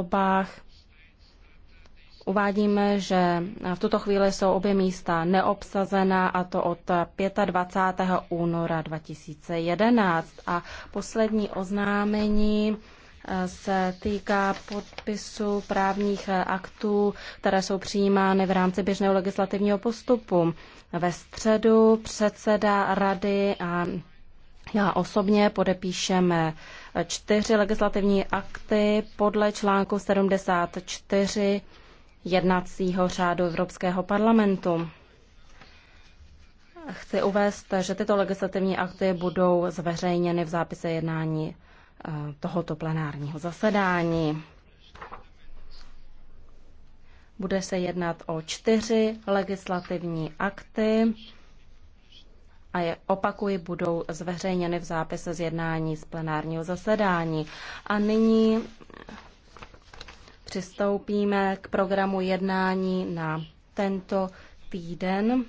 volbách. Uvádíme, že v tuto chvíli jsou obě místa neobsazená a to od 25. února 2011. A poslední oznámení eh, se týká podpisu právních aktů, které jsou přijímány v rámci běžného legislativního postupu. Ve středu předseda rady a já osobně podepíšeme čtyři legislativní akty podle článku 74 jednacího řádu Evropského parlamentu. Chci uvést, že tyto legislativní akty budou zveřejněny v zápise jednání eh, tohoto plenárního zasedání. Bude se jednat o čtyři legislativní akty a je opakuji, budou zveřejněny v zápise z jednání z plenárního zasedání. A nyní přistoupíme k programu jednání na tento týden.